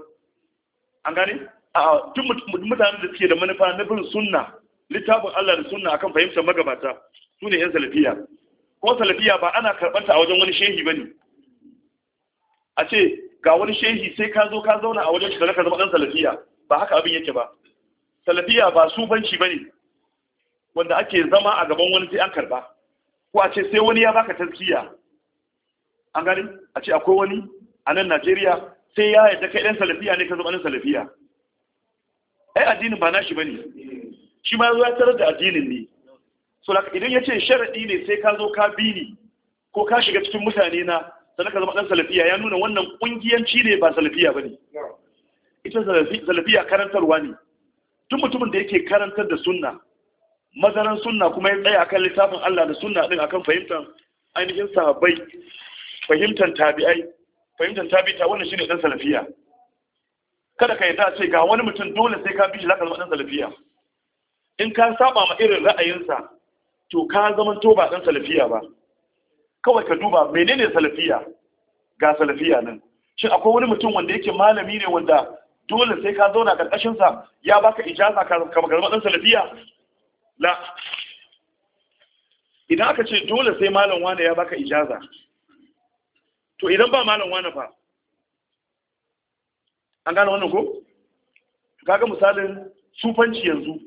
an gane a duk mutanen da suke da manufa na bin sunna littafin Allah da sunna akan fahimtar magabata su ne yan salafiya ko salafiya ba ana karɓar ta a wajen wani shehi bane a ce ga wani shehi sai ka zo ka zauna a wajen shi ka zama ɗan salafiya ba haka abin yake ba salafiya ba su banci bane wanda ake zama a gaban wani sai an karba ko a ce sai wani ya baka tazkiya an gani a ce akwai wani a nan Najeriya sai ya yadda kai ɗan salafiya ne ka zama ɗan salafiya ai addinin ba nashi bane shi ma ya tarar da addinin ne so idan ya ce sharaɗi ne sai ka zo ka bi ni ko ka shiga cikin mutane na sannan ka zama ɗan salafiya ya nuna wannan ƙungiyanci ne ba salafiya ba ne ita salafiya karantarwa ne tun mutumin da yake karantar da sunna mazaran sunna kuma ya tsaya akan littafin Allah da sunna din akan fahimtar ainihin sahabbai fahimtar tabi'ai fahimtar tabi'ta wannan shine dan salafiya kada ka yarda sai ga wani mutum dole sai ka bi shi lakal zama dan salafiya in ka saba ma irin ra'ayinsa to ka zama to ba dan salafiya ba kawai ka duba menene salafiya ga salafiya nan shin akwai wani mutum wanda yake malami ne wanda dole sai ka zauna karkashin sa ya baka ijaza ka ka zama dan salafiya la idan aka ce dole sai malam wane ya baka ijaza to idan ba malam wane fa an gane wannan ko kaga misalin sufanci yanzu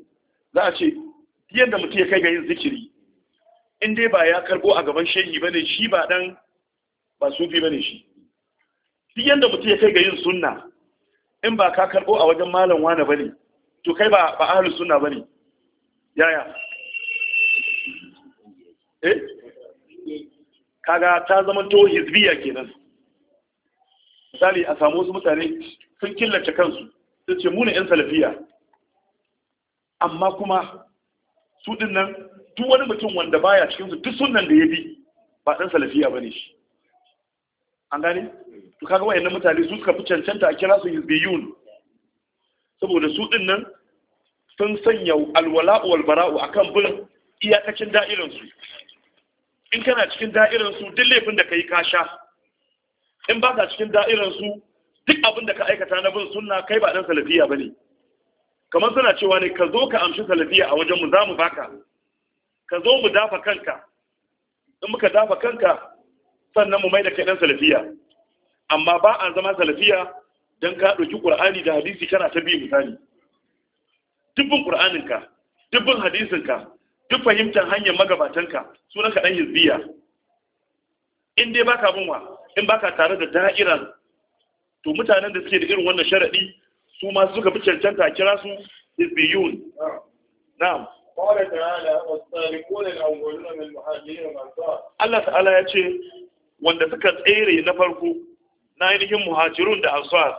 za a ce yadda mutum ya kai ga yin zikiri in dai ba ya karbo a gaban shehi bane shi ba dan ba sufi bane shi duk yadda mutum ya kai ga yin sunna in ba ka karbo a wajen malam wane bane to kai ba ba ahlus sunna bane yaya eh kaga ta zama to hizbiya kenan misali a samu wasu mutane sun killace kansu sun ce mu ne yan salafiya amma kuma su din nan duk wani mutum wanda baya cikin su duk sunan da ya bi ba dan salafiya bane shi an gane to kaga wayannan mutane su suka fi cancanta a kira su hizbiyun saboda su din nan sun sanya alwala'u wal bara'u akan bin iyakacin da'irinsu. su in kana cikin da'irinsu su duk laifin da kai ka sha in ba ka cikin da'irinsu, su duk abin da ka aikata na bin sunna kai ba dan salafiya bane kamar suna cewa ne ka zo ka amshi salafiya a wajen mu za mu baka ka zo mu dafa kanka in muka dafa kanka sannan mu mai da kai dan salafiya amma ba a zama salafiya don ka ɗauki ƙur'ani da hadisi kana ta biyu misali dubbin ƙur'aninka dubbin hadisinka duk fahimtar hanyar magabatanka sunan ka ɗan hizbiya in dai baka bin wa in baka tare da daira to mutanen da suke da irin wannan sharaɗi, su ma suka fi cancanta a kira su hizbiyun na'am Allah Ta'ala ya ce, wanda suka tsere na farko na ainihin muhajirun da ansar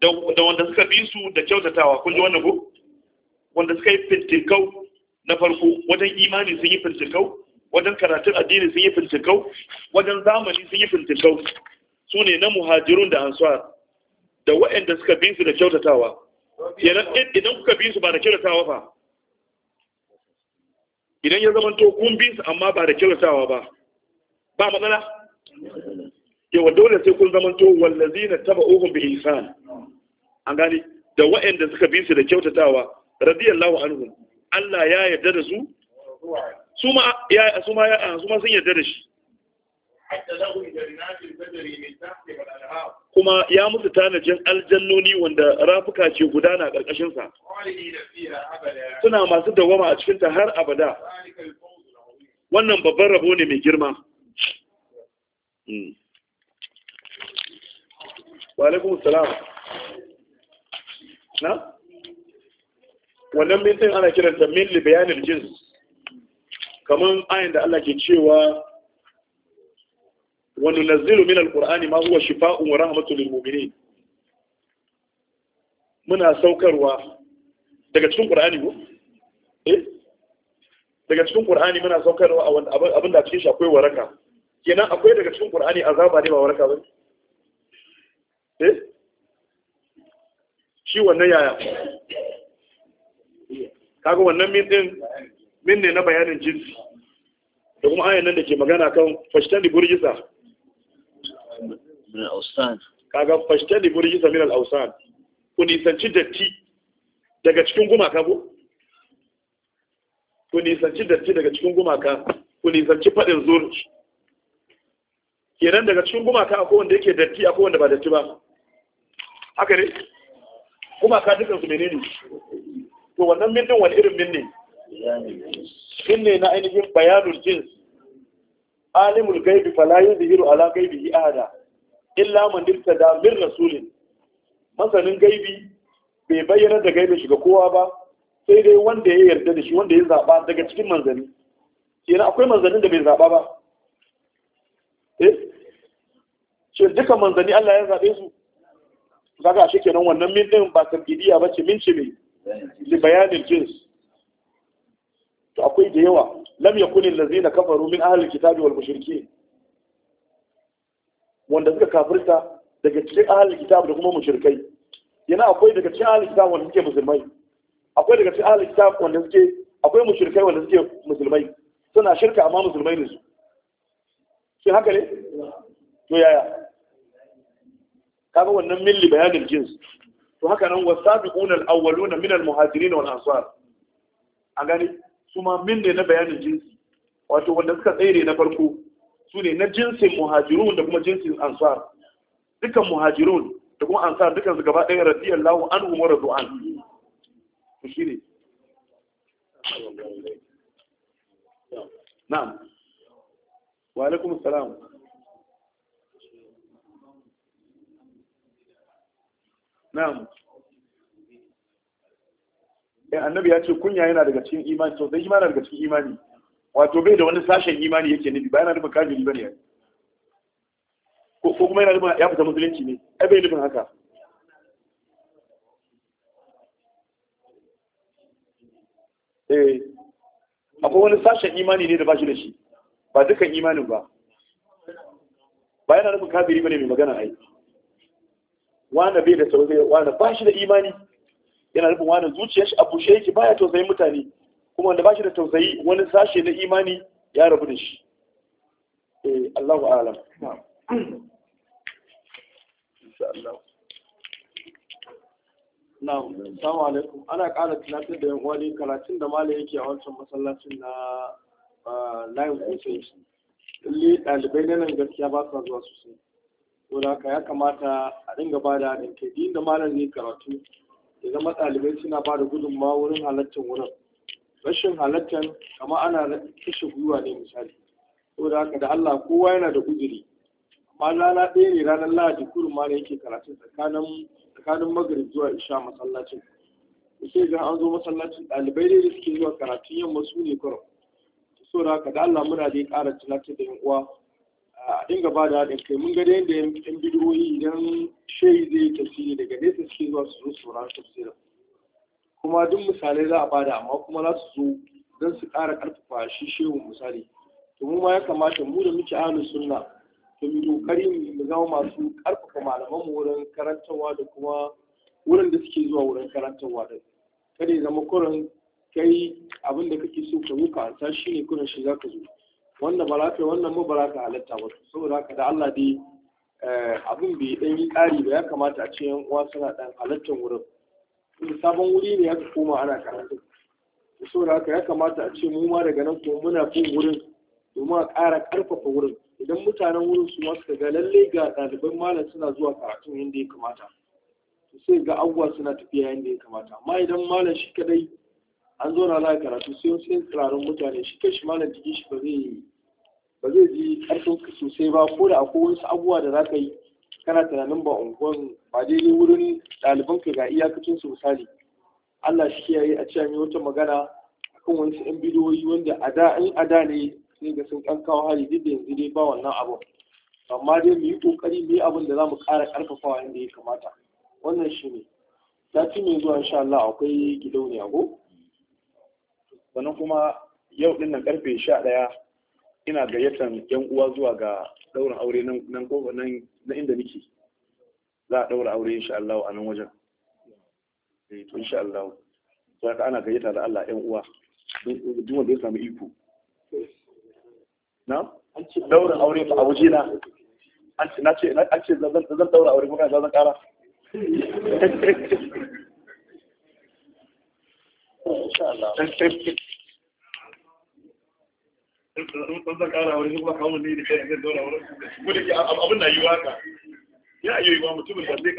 da wanda suka bi su da kyautatawa kun ji wannan ko wanda suka yi fintinkau na farko wajen imani sun yi fintinkau wajen karatun addini sun yi fintinkau wajen zamani sun yi fintinkau su ne na muhajirun da ansuwar da waɗanda suka bi su da kyautatawa idan kuka bi su ba da kyautatawa ba idan ya zama to kun bi su amma ba da kyautatawa ba ba matsala yawa dole sai kun zamanto wallazina taba'uhum bi ihsan an gani da wa'anda suka bi su da kyautatawa radiyallahu anhum Allah ya yarda da su Suma ya suma sun yarda da shi kuma ya musu tanajin aljannoni wanda rafuka ke gudana ƙarƙashin sa suna masu dawama a cikin ta har abada wannan babban rabo ne mai girma hmm. wa alaikum salam na wannan mintan ana kiranta min li bayanil jins kaman ayin da Allah ke cewa wa nunazzilu min alqur'ani ma huwa shifaa'un wa rahmatun lil mu'minin muna saukarwa daga cikin qur'ani ko eh daga cikin qur'ani muna saukarwa abin da cikin shi akwai waraka kenan akwai daga cikin qur'ani azaba ne ba waraka ba Eh? shi wannan yaya kaga wannan min din min ne na bayanin jinsi da kuma ayan nan da ke magana kan fashtani burgisa min al-awsan kaga fashtani burgisa min al-awsan ku nisanci datti daga cikin gumaka ko ku nisanci datti daga cikin gumaka ku nisanci fadin zurci kenan daga cikin gumaka akwai wanda yake datti akwai wanda ba datti ba haka ne gumaka dukkan su menene to wannan min wani irin min ne ne na ainihin bayanul jins alimul gaibi fala yuzhiru ala gaibihi ahada illa man da min rasulin masanin gaibi bai bayyana da gaibin shiga kowa ba sai dai wanda ya yarda da shi wanda ya zaba daga cikin manzanni kenan akwai manzannin da bai zaba ba eh ce duka manzanni Allah ya zaɓe su ka ashe kenan wannan min din ba ba ce min ce mai li bayanin jins to akwai da yawa lam yakun na kafaru min ahli kitabi wal mushrikeen wanda suka kafirta daga cikin ahli kitabi da kuma mushrikai yana akwai daga cikin ahli kitabi wanda suke musulmai akwai daga cikin ahli kitabi wanda suke akwai mushrikai wanda suke musulmai suna shirka amma musulmai ne su haka ne to yaya kaga wannan milli bayanin jins to haka nan wasabiqun al min almuhajirin wal ansar A gani su ma min ne na bayanin jinsi wato wanda suka tsere na farko su ne na jinsin muhajirun da kuma jinsin ansar dukan muhajirun da kuma ansar dukan su gaba ɗaya radiyallahu anhum wa radu'an to shine na'am wa alaikum assalam na'am eh annabi ya ce kunya yana daga cikin imani to dai imani daga cikin imani wato bai da wani sashen imani yake nufi ba yana nufin kafiri bane ya. ko kuma yana nufin ya fita musulunci ne ai bai nufin haka eh akwai wani sashen imani ne da ba shi da shi ba dukkan imanin ba ba yana nufin kafiri bane mai magana ai wane bai da tausayi wane ba shi da imani yana nufin wane zuciya shi a bushe yake baya tausayin mutane kuma wanda ba shi da tausayi wani sashe na imani ya rabu da shi eh Allahu a'lam insha Allah na'am assalamu alaikum ana ƙara tunatar da yan uwa ne karatun da Malam yake a wancan masallacin na ah, layin kusa lalle na nan gaskiya ba sa zuwa sosai ko haka ya kamata a dinga ba da haɗin kai da malam ne karatu ya zama ɗalibai suna ba da ma wurin halartar wurin rashin halartar kama ana kashe gwiwa ne misali ko haka da Allah kowa yana da uzuri amma rana ɗaya ne ranar lahadi kurin ma ne yake karatu tsakanin tsakanin zuwa isha masallacin sai ga an zo masallacin ɗalibai ne da suke zuwa karatun yamma su ne kurum so da haka da Allah muna dai ƙara tunatar da yan uwa a dinga ba da haɗin kai mun ga yadda yan bidiyoyi idan shehi zai tafi tafsiri daga nesa suke zuwa su zo su saurari tafsirin kuma duk misalai za a bada amma kuma za su zo don su ƙara ƙarfafa shi shehu misali to mu ma ya kamata mu da muke ahlu sunna to mu kokari mu zama masu ƙarfafa malaman mu wurin karantarwa da kuma wurin da suke zuwa wurin karantarwa da kada ya zama kurin kai abin kake so ka zo ka ansa shi ne kurin shi za ka zo wannan ba za ka wannan mu ba za ka halatta ba saboda haka da Allah dai eh, abin bai dan yi ƙari ba ya kamata a ce yan uwa suna dan halattar wurin sabon wuri ne ya koma ana karatu saboda haka ya kamata a ce mu ma daga nan kuma muna bin wurin domin a ƙara ƙarfafa wurin idan mutanen wurin su ma suka ga lalle ga ɗaliban malam suna zuwa karatu yadda ya kamata sai ga abubuwa suna tafiya yadda ya kamata amma idan malam shi kadai an zo na karatu sai wasu yin tsirarin mutane shi kai shi malam jiki shi ba zai ba zai ji karfin ka sosai ba ko da akwai wasu abubuwa da za ka yi kana tunanin ba unguwan ba daidai wurin ɗaliban ka ga iyakacin su misali Allah shi kiyaye a cewa mai wata magana kan wasu yan bidiyoyi wanda a da in a da ne sai ga sun kan kawo hali duk da yanzu dai ba wannan abu amma dai mu yi ƙoƙari mu yi abin da za mu ƙara ƙarfafawa yadda ya kamata wannan shi ne sati mai zuwa insha Allah akwai gidauniya ko sannan kuma yau ɗin nan ƙarfe sha ɗaya ina gayyatan yan uwa zuwa ga daurin aure nan ko nan na inda nake za a daura aure insha Allah a nan wajen eh to insha Allah to haka ana gayyata da Allah yan uwa duk wanda ya samu iko na ce daurin aure fa a waje na an ce na ce an ce zan zan daura aure kuma zan kara insha Allah eh, zan ne da abin na yi waka